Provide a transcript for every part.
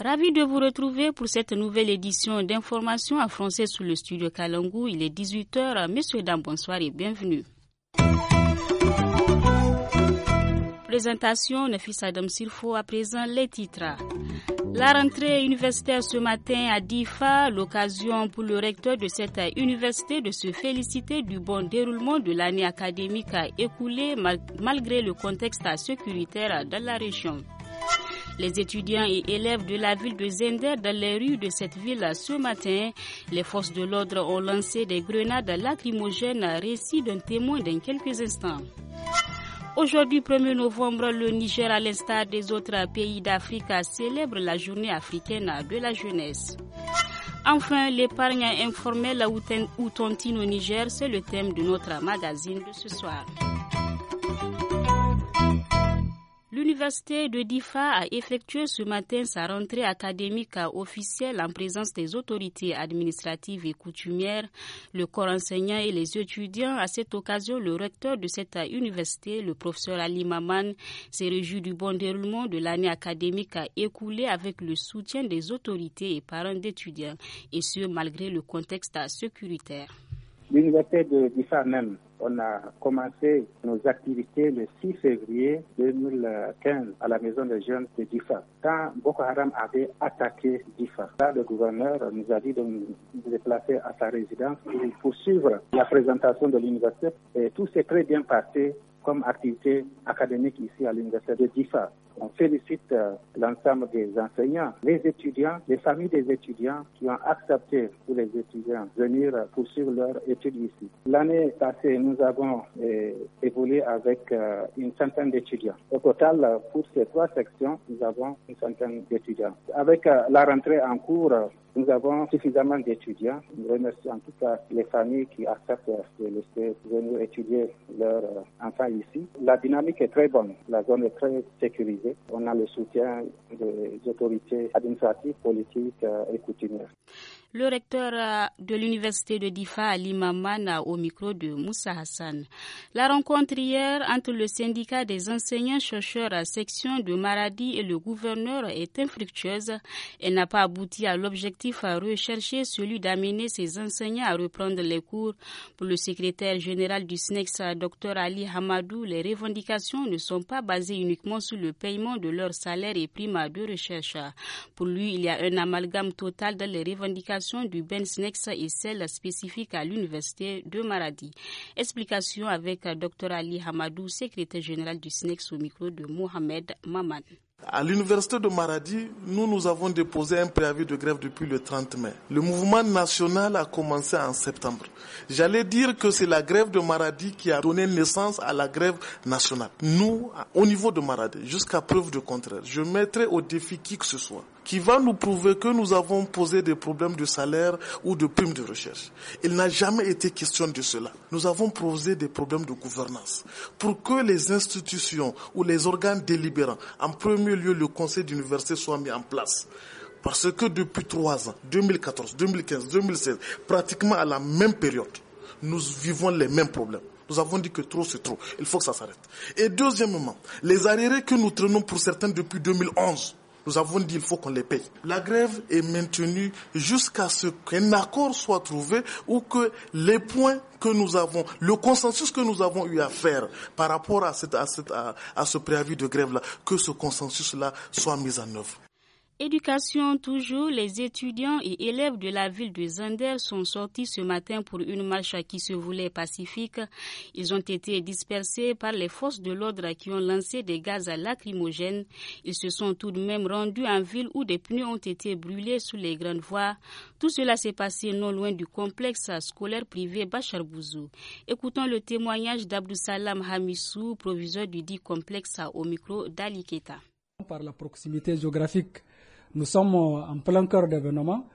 Ravi de vous retrouver pour cette nouvelle édition d'information en français sur le studio Kalangou. Il est 18h. Messieurs, dames, bonsoir et bienvenue. Présentation, Nefis Adam Sirfo, à présent les titres. La rentrée universitaire ce matin à DIFA, l'occasion pour le recteur de cette université de se féliciter du bon déroulement de l'année académique écoulée malgré le contexte sécuritaire dans la région. Les étudiants et élèves de la ville de Zender dans les rues de cette ville ce matin, les forces de l'ordre ont lancé des grenades lacrymogènes, récit d'un témoin dans quelques instants. Aujourd'hui, 1er novembre, le Niger, à l'instar des autres pays d'Afrique, célèbre la journée africaine de la jeunesse. Enfin, l'épargne informelle ou tontine au Niger, c'est le thème de notre magazine de ce soir l'université de Difa a effectué ce matin sa rentrée académique officielle en présence des autorités administratives et coutumières, le corps enseignant et les étudiants. À cette occasion, le recteur de cette université, le professeur Ali Maman, s'est réjoui du bon déroulement de l'année académique à écouler avec le soutien des autorités et parents d'étudiants, et ce malgré le contexte sécuritaire. L'université de Difa, même, on a commencé nos activités le 6 février 2015 à la maison des jeunes de Difa. Quand Boko Haram avait attaqué Difa, le gouverneur nous a dit de nous déplacer à sa résidence pour suivre la présentation de l'université. Et tout s'est très bien passé comme activité académique ici à l'université de Difa. On félicite euh, l'ensemble des enseignants, les étudiants, les familles des étudiants qui ont accepté pour les étudiants venir euh, poursuivre leur étude ici. L'année passée, nous avons euh, évolué avec une centaine d'étudiants. Au total, pour ces trois sections, nous avons une centaine d'étudiants. Avec la rentrée en cours, nous avons suffisamment d'étudiants. Nous remercions en tout cas les familles qui acceptent de venir étudier leurs enfants ici. La dynamique est très bonne. La zone est très sécurisée. On a le soutien des autorités administratives, politiques euh, et coutumières. Le recteur euh, de l'université de Difa, Ali Mamana, euh, au micro de Moussa Hassan. La rencontre hier entre le syndicat des enseignants-chercheurs à section de Maradi et le gouverneur est infructueuse et n'a pas abouti à l'objectif à rechercher, celui d'amener ses enseignants à reprendre les cours. Pour le secrétaire général du SNEX, euh, Dr Ali Hamadou, les revendications ne sont pas basées uniquement sur le paiement de leur salaire et primes de recherche. Pour lui, il y a un amalgame total dans les revendications du du Bensnex et celle spécifique à l'université de Maradi. Explication avec Dr Ali Hamadou, secrétaire général du SNEX au micro de Mohamed Maman. À l'université de Maradi, nous, nous avons déposé un préavis de grève depuis le 30 mai. Le mouvement national a commencé en septembre. J'allais dire que c'est la grève de Maradi qui a donné naissance à la grève nationale. Nous, au niveau de Maradi, jusqu'à preuve de contraire, je mettrai au défi qui que ce soit qui va nous prouver que nous avons posé des problèmes de salaire ou de primes de recherche. Il n'a jamais été question de cela. Nous avons posé des problèmes de gouvernance pour que les institutions ou les organes délibérants, en premier lieu le conseil d'université, soit mis en place. Parce que depuis trois ans, 2014, 2015, 2016, pratiquement à la même période, nous vivons les mêmes problèmes. Nous avons dit que trop, c'est trop. Il faut que ça s'arrête. Et deuxièmement, les arriérés que nous traînons pour certains depuis 2011, nous avons dit il faut qu'on les paye. La grève est maintenue jusqu'à ce qu'un accord soit trouvé ou que les points que nous avons, le consensus que nous avons eu à faire par rapport à, ce préavis de grève-là, que ce consensus-là soit mis en œuvre. Éducation toujours, les étudiants et élèves de la ville de Zander sont sortis ce matin pour une marche qui se voulait pacifique. Ils ont été dispersés par les forces de l'ordre qui ont lancé des gaz lacrymogènes. Ils se sont tout de même rendus en ville où des pneus ont été brûlés sous les grandes voies. Tout cela s'est passé non loin du complexe scolaire privé Bachar Bouzou. Écoutons le témoignage d'Abdou Salam Hamissou, proviseur du dit complexe au micro d'Ali par la proximité géographique. Nous sommes en plein cœur d'événements.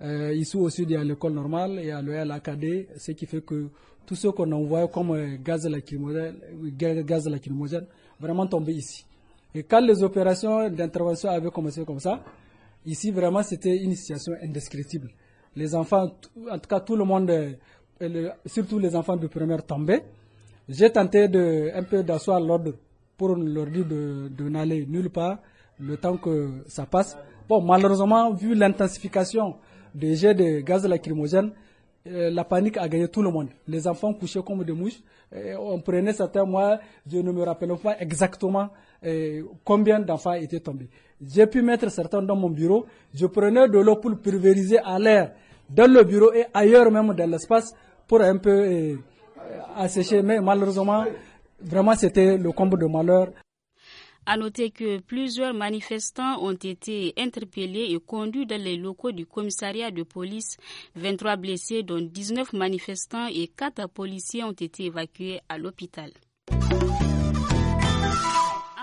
Euh, ici sud, il y a l'école normale et à l'ELAKD, ce qui fait que tout ce qu'on envoie comme euh, gaz, lacrymogène, gaz lacrymogène, vraiment tombé ici. Et quand les opérations d'intervention avaient commencé comme ça, ici vraiment c'était une situation indescriptible. Les enfants, en tout cas tout le monde, euh, surtout les enfants de première tombaient. J'ai tenté de, un peu d'asseoir l'ordre pour leur dire de, n'aller nulle part le temps que ça passe. Bon, malheureusement, vu l'intensification des jets de gaz lacrymogène, euh, la panique a gagné tout le monde. Les enfants couchaient comme des mouches. on prenait certains mois, je ne me rappelle pas exactement euh, combien d'enfants étaient tombés. J'ai pu mettre certains dans mon bureau. Je prenais de l'eau pour pulvériser à l'air dans le bureau et ailleurs même dans l'espace pour un peu euh, assécher. Mais malheureusement, Vraiment, c'était le comble de malheur. À noter que plusieurs manifestants ont été interpellés et conduits dans les locaux du commissariat de police. 23 blessés, dont 19 manifestants et 4 policiers ont été évacués à l'hôpital.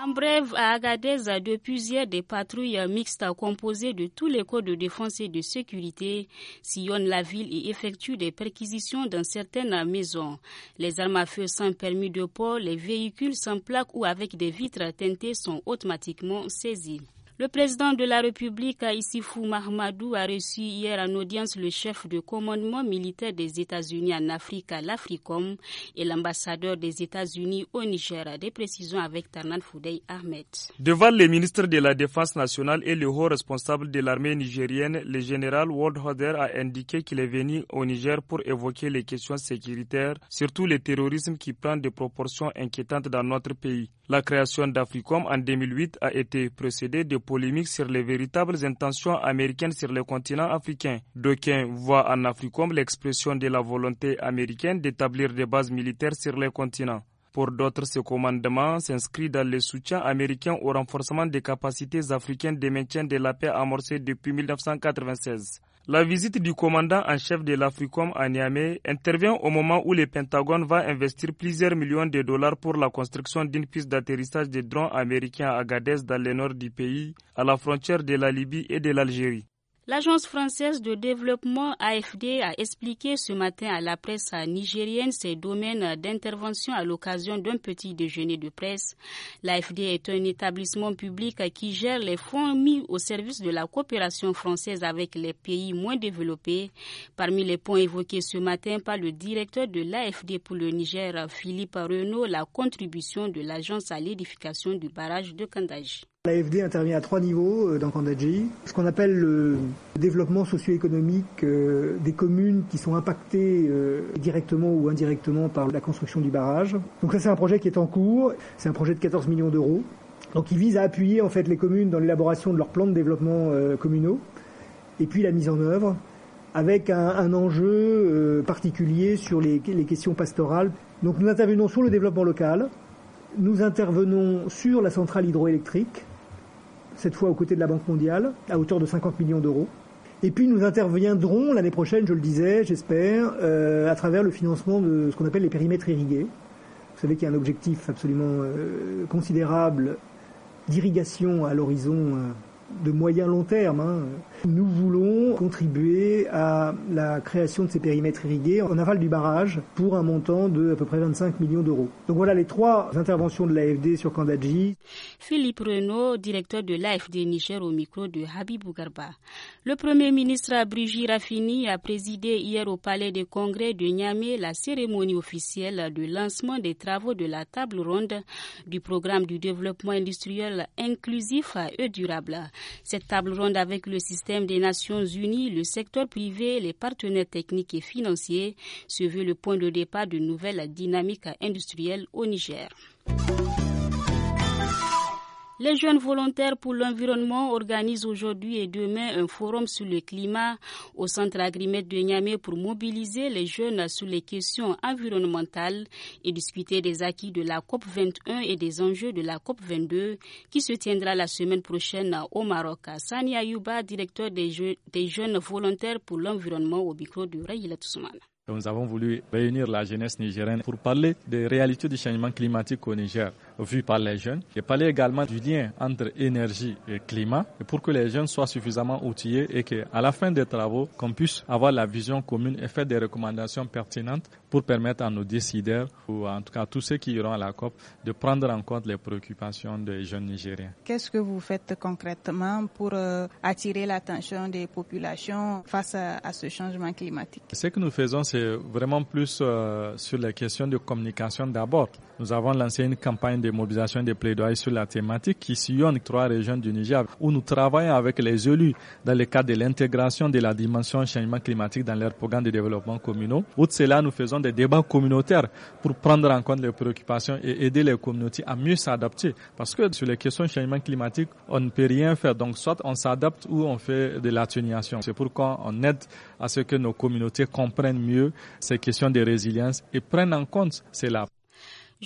En bref, à Agadez, depuis plusieurs des patrouilles mixtes composées de tous les corps de défense et de sécurité sillonnent la ville et effectuent des perquisitions dans certaines maisons. Les armes à feu sans permis de port, les véhicules sans plaque ou avec des vitres teintées sont automatiquement saisis. Le président de la République, Issifou Mahmadou, a reçu hier en audience le chef de commandement militaire des États-Unis en Afrique, l'AFRICOM, et l'ambassadeur des États-Unis au Niger. Des précisions avec Tarnan Foudey Ahmed. Devant les ministres de la Défense nationale et le haut responsable de l'armée nigérienne, le général World Hodder a indiqué qu'il est venu au Niger pour évoquer les questions sécuritaires, surtout le terrorisme qui prend des proportions inquiétantes dans notre pays. La création d'AFRICOM en 2008 a été précédée de polémique sur les véritables intentions américaines sur le continent africain. D'aucuns voient en Africom l'expression de la volonté américaine d'établir des bases militaires sur le continent. Pour d'autres, ce commandement s'inscrit dans le soutien américain au renforcement des capacités africaines de maintien de la paix amorcée depuis 1996. La visite du commandant en chef de l'Africom à Niamey intervient au moment où le Pentagone va investir plusieurs millions de dollars pour la construction d'une piste d'atterrissage de drones américains à Agadez dans le nord du pays, à la frontière de la Libye et de l'Algérie. L'Agence française de développement AFD a expliqué ce matin à la presse nigérienne ses domaines d'intervention à l'occasion d'un petit déjeuner de presse. L'AFD est un établissement public qui gère les fonds mis au service de la coopération française avec les pays moins développés. Parmi les points évoqués ce matin par le directeur de l'AFD pour le Niger, Philippe Renault, la contribution de l'agence à l'édification du barrage de Kandaji. L'AFD intervient à trois niveaux euh, dans Kandadji. Ce qu'on appelle le développement socio-économique euh, des communes qui sont impactées euh, directement ou indirectement par la construction du barrage. Donc ça c'est un projet qui est en cours, c'est un projet de 14 millions d'euros. Donc il vise à appuyer en fait les communes dans l'élaboration de leurs plans de développement communaux et puis la mise en œuvre avec un, enjeu particulier sur les questions pastorales. Donc nous intervenons sur le développement local, nous intervenons sur la centrale hydroélectrique cette fois aux côtés de la Banque mondiale, à hauteur de 50 millions d'euros. Et puis nous interviendrons l'année prochaine, je le disais, j'espère, euh, à travers le financement de ce qu'on appelle les périmètres irrigués. Vous savez qu'il y a un objectif absolument euh, considérable d'irrigation à l'horizon euh, de moyen long terme. Hein. Nous voulons contribuer à la création de ces périmètres irrigués en aval du barrage pour un montant de à peu près 25 millions d'euros. Donc voilà les trois interventions de l'AFD sur Kandadji. Philippe Renaud, directeur de l'AFD Niger au micro de Habib Bougarba. Le Premier ministre Brigitte Raffini a présidé hier au Palais des Congrès de Niamey la cérémonie officielle de lancement des travaux de la table ronde du programme du développement industriel inclusif et durable. Cette table ronde avec le système des Nations Unies, le secteur privé, les partenaires techniques et financiers se veut le point de départ d'une nouvelle dynamique industrielle au Niger. Les jeunes volontaires pour l'environnement organisent aujourd'hui et demain un forum sur le climat au centre agrimètre de Niamey pour mobiliser les jeunes sur les questions environnementales et discuter des acquis de la COP 21 et des enjeux de la COP 22 qui se tiendra la semaine prochaine au Maroc. Sani Ayouba, directeur des, jeunes volontaires pour l'environnement au micro du Rayla Toussoumana. Nous avons voulu réunir la jeunesse nigérienne pour parler des réalités du changement climatique au Niger vu par les jeunes. J'ai parlé également du lien entre énergie et climat et pour que les jeunes soient suffisamment outillés et qu'à la fin des travaux, qu'on puisse avoir la vision commune et faire des recommandations pertinentes pour permettre à nos décideurs ou en tout cas à tous ceux qui iront à la COP de prendre en compte les préoccupations des jeunes Nigériens. Qu'est-ce que vous faites concrètement pour euh, attirer l'attention des populations face à, ce changement climatique Ce que nous faisons, c'est vraiment plus euh, sur les questions de communication d'abord. Nous avons lancé une campagne des mobilisations et des plaidoyers sur la thématique qui sillonne trois régions du Niger où nous travaillons avec les élus dans le cadre de l'intégration de la dimension changement climatique dans leurs programmes de développement communaux. Outre cela, nous faisons des débats communautaires pour prendre en compte les préoccupations et aider les communautés à mieux s'adapter. Parce que sur les questions changement climatique, on ne peut rien faire. Donc, soit on s'adapte ou on fait de l'atténuation. C'est pourquoi on aide à ce que nos communautés comprennent mieux ces questions de résilience et prennent en compte cela.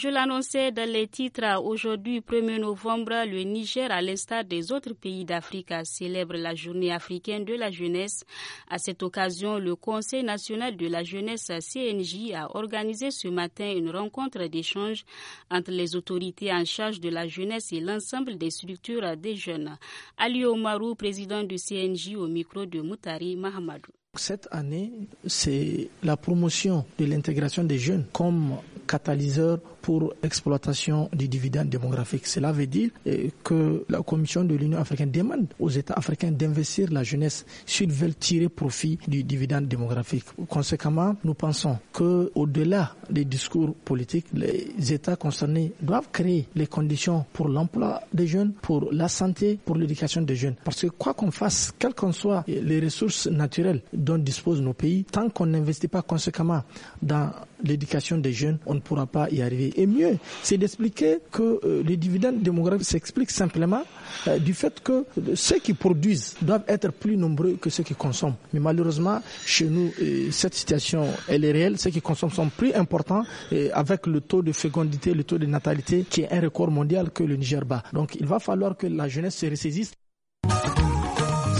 Je l'annonçais dans les titres. Aujourd'hui, 1er novembre, le Niger, à l'instar des autres pays d'Afrique, célèbre la journée africaine de la jeunesse. À cette occasion, le Conseil national de la jeunesse CNJ a organisé ce matin une rencontre d'échange entre les autorités en charge de la jeunesse et l'ensemble des structures des jeunes. Ali Omarou, président du CNJ, au micro de Moutari Mahamadou. Cette année, c'est la promotion de l'intégration des jeunes comme catalyseur pour exploitation du dividende démographique. Cela veut dire euh, que la Commission de l'Union africaine demande aux États africains d'investir la jeunesse s'ils veulent tirer profit du dividende démographique. Conséquemment, nous pensons que au-delà des discours politiques, les États concernés doivent créer les conditions pour l'emploi des jeunes, pour la santé, pour l'éducation des jeunes. Parce que quoi qu'on fasse, quelles qu'en soient les ressources naturelles dont disposent nos pays, tant qu'on n'investit pas conséquemment dans l'éducation des jeunes, on ne pourra pas y arriver. Et mieux, c'est d'expliquer que euh, les dividendes démographiques s'expliquent simplement euh, du fait que euh, ceux qui produisent doivent être plus nombreux que ceux qui consomment. Mais malheureusement, chez nous, cette situation, elle est réelle. Ceux qui consomment sont plus importants avec le taux de fécondité, le taux de natalité qui est un record mondial que le Niger Donc il va falloir que la jeunesse se ressaisisse.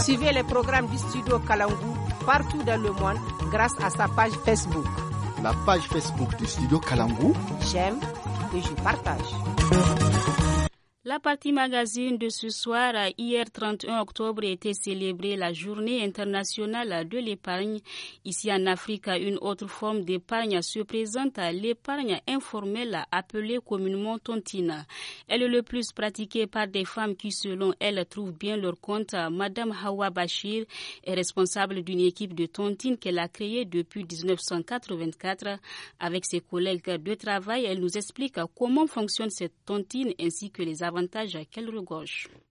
Suivez les programmes du studio Kalangou partout dans le monde grâce à sa page Facebook la page Facebook du studio Kalangu. J'aime et je partage. La partie magazine de ce soir, hier 31 octobre, était célébrée la journée internationale de l'épargne. Ici en Afrique, une autre forme d'épargne se présente, l'épargne informelle appelée communément tontine. Elle est le plus pratiquée par des femmes qui, selon elles, trouvent bien leur compte. Madame Hawa Bachir est responsable d'une équipe de tontine qu'elle a créée depuis 1984. Avec ses collègues de travail, elle nous explique comment fonctionne cette tontine ainsi que les avantages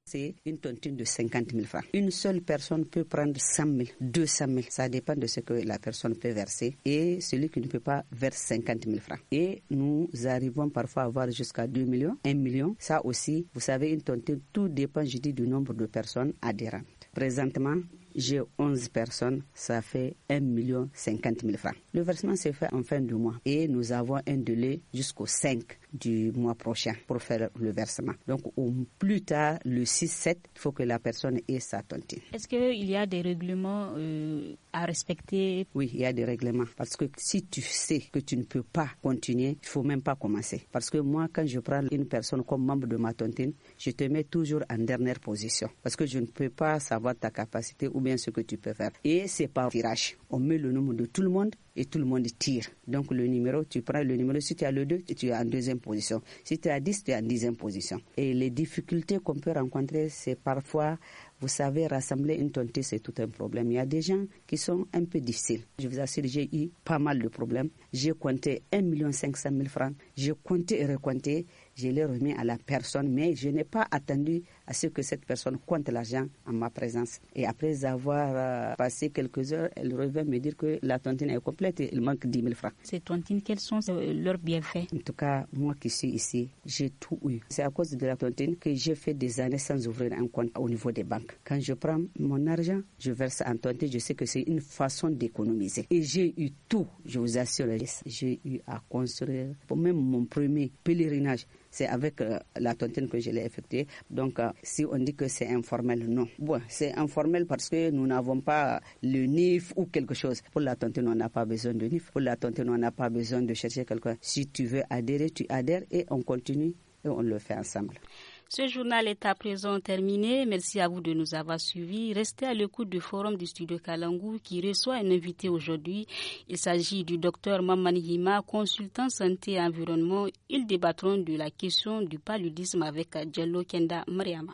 c'est une tontine de 50 000 francs. Une seule personne peut prendre 100 000, 200 000. Ça dépend de ce que la personne peut verser. Et celui qui ne peut pas verse 50 000 francs. Et nous arrivons parfois à avoir jusqu'à 2 millions, 1 million. Ça aussi, vous savez, une tontine, tout dépend, je dis, du nombre de personnes adhérentes. Présentement, j'ai 11 personnes, ça fait 1 million 50 000 francs. Le versement s'est fait en fin de mois et nous avons un délai jusqu'au 5 du mois prochain pour faire le versement. Donc au plus tard, le 6-7, il faut que la personne ait sa tontine. Est-ce qu'il y a des règlements euh, à respecter Oui, il y a des règlements. Parce que si tu sais que tu ne peux pas continuer, il faut même pas commencer. Parce que moi, quand je prends une personne comme membre de ma tontine, je te mets toujours en dernière position. Parce que je ne peux pas savoir ta capacité ou bien ce que tu peux faire. Et c'est par virage. On met le nombre de tout le monde et tout le monde tire. Donc le numéro, tu prends le numéro, si tu as le 2, tu es en deuxième position. Si tu as 10, tu es en dixième position. Et les difficultés qu'on peut rencontrer, c'est parfois, vous savez, rassembler une tonté, c'est tout un problème. Il y a des gens qui sont un peu difficiles. Je vous assure, j'ai eu pas mal de problèmes. J'ai compté 1 500 000 francs. J'ai compté et recompté. Je l'ai remis à la personne, mais je n'ai pas attendu à ce que cette personne compte l'argent en ma présence. Et après avoir euh, passé quelques heures, elle revient me dire que la tontine est complète et il manque 10 000 francs. Ces tontines, quels sont euh, leurs bienfaits En tout cas, moi qui suis ici, j'ai tout eu. C'est à cause de la tontine que j'ai fait des années sans ouvrir un compte au niveau des banques. Quand je prends mon argent, je verse en tontine, je sais que c'est une façon d'économiser. Et j'ai eu tout, je vous assure. J'ai eu à construire, même mon premier pèlerinage. C'est avec euh, la tontine que je l'ai effectuée. Donc, euh, si on dit que c'est informel, non. Bon, c'est informel parce que nous n'avons pas le NIF ou quelque chose. Pour la tontine, on n'a pas besoin de NIF. Pour la tontine, on n'a pas besoin de chercher quelqu'un. Si tu veux adhérer, tu adhères et on continue et on le fait ensemble. Ce journal est à présent terminé. Merci à vous de nous avoir suivis. Restez à l'écoute du forum du studio Kalangou qui reçoit un invité aujourd'hui. Il s'agit du docteur Mamani Hima, consultant santé et environnement. Ils débattront de la question du paludisme avec Djello Kenda Mariama.